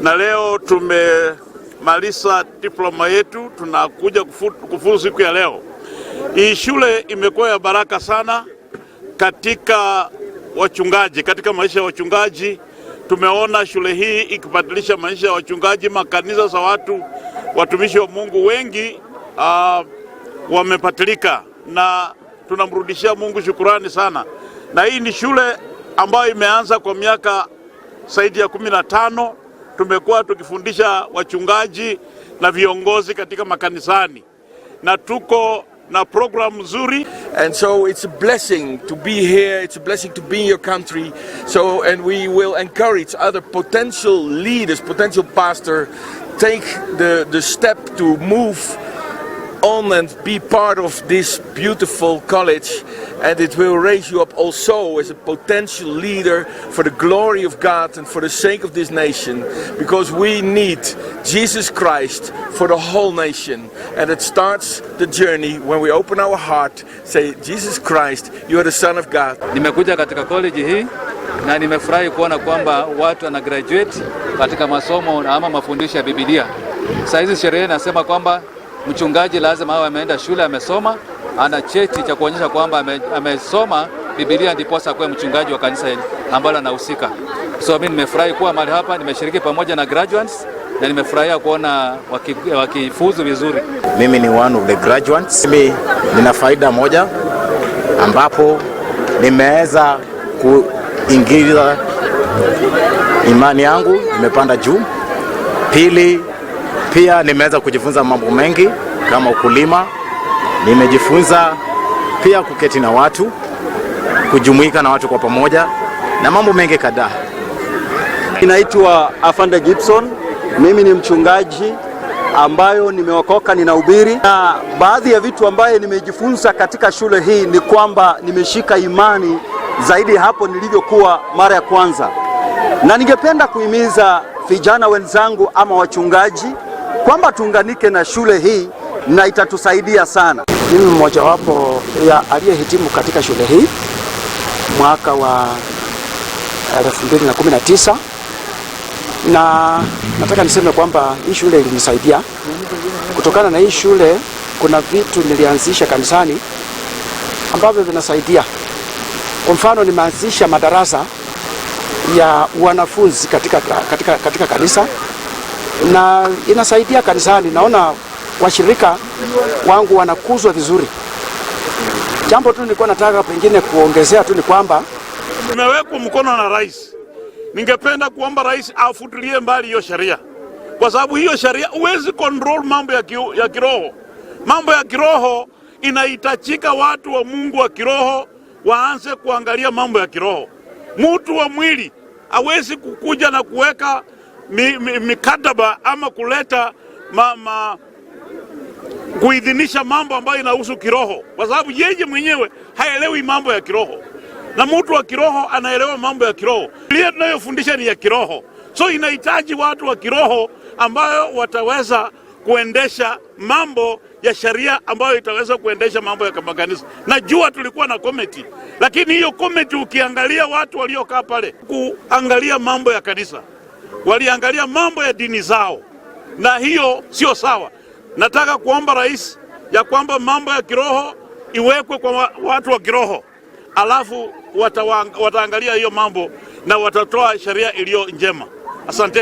na leo tumemaliza diploma yetu, tunakuja kufuzu siku ya leo. Hii shule imekuwa ya baraka sana katika wachungaji, katika maisha ya wachungaji. Tumeona shule hii ikibadilisha maisha ya wachungaji, makanisa za watu, watumishi wa Mungu wengi uh, wamepatilika na tunamrudishia Mungu shukurani sana, na hii ni shule ambayo imeanza kwa miaka zaidi ya kumi na tano tumekuwa tukifundisha wachungaji na viongozi katika makanisani na tuko na program nzuri and so it's a blessing to be here it's a blessing to be in your country so and we will encourage other potential leaders potential pastor take the the step to move on and be part of this beautiful college and it will raise you up also as a potential leader for the glory of God and for the sake of this nation because we need Jesus Christ for the whole nation and it starts the journey when we open our heart say Jesus Christ you are the son of God nimekuja katika college hii na nimefurahi kuona kwamba watu wana graduate katika masomo ama mafundisho ya Biblia sasa hizi sherehe nasema kwamba Mchungaji lazima awe ameenda shule, amesoma, ana cheti cha kuonyesha kwamba amesoma Biblia, ndiposa kuwe mchungaji wa kanisa ambalo anahusika. So mimi nimefurahi kuwa mahali hapa, nimeshiriki pamoja na graduates na nimefurahia kuona wakifuzu waki vizuri. Mimi ni one of the graduates. Mimi nina faida moja ambapo nimeweza kuingiza imani yangu imepanda juu. Pili, pia nimeweza kujifunza mambo mengi kama ukulima, nimejifunza pia kuketi na watu, kujumuika na watu kwa pamoja na mambo mengi kadhaa. inaitwa Afande Gibson, mimi ni mchungaji ambayo nimeokoka, ninahubiri. Na baadhi ya vitu ambaye nimejifunza katika shule hii ni kwamba nimeshika imani zaidi hapo nilivyokuwa mara ya kwanza, na ningependa kuhimiza vijana wenzangu ama wachungaji kwamba tuunganike na shule hii na itatusaidia sana. Mimi mmojawapo ya aliyehitimu katika shule hii mwaka wa 2019 na nataka niseme kwamba hii shule ilinisaidia. Kutokana na hii shule, kuna vitu nilianzisha kanisani ambavyo vinasaidia. Kwa mfano, nimeanzisha madarasa ya wanafunzi katika, katika, katika kanisa na inasaidia kanisani. Naona washirika wangu wanakuzwa vizuri. Jambo tu nilikuwa nataka pengine kuongezea tu ni kwamba nimewekwa mkono na rais. Ningependa kuomba rais afutilie mbali hiyo sheria, kwa sababu hiyo sheria huwezi control mambo ya, ki, ya kiroho. Mambo ya kiroho inahitajika watu wa Mungu wa kiroho waanze kuangalia mambo ya kiroho. Mtu wa mwili hawezi kukuja na kuweka mi, mi, mikataba ama kuleta mama kuidhinisha mambo ambayo inahusu kiroho, kwa sababu yeye mwenyewe haelewi mambo ya kiroho, na mtu wa kiroho anaelewa mambo ya kiroho. Biblia tunayofundisha ni ya kiroho, so inahitaji watu wa kiroho ambayo wataweza kuendesha mambo ya sheria ambayo itaweza kuendesha mambo ya na Najua tulikuwa na komiti, lakini hiyo komiti ukiangalia watu waliokaa pale kuangalia mambo ya kanisa waliangalia mambo ya dini zao, na hiyo sio sawa. Nataka kuomba rais ya kwamba mambo ya kiroho iwekwe kwa watu wa kiroho, alafu wataangalia hiyo mambo na watatoa sheria iliyo njema. Asante.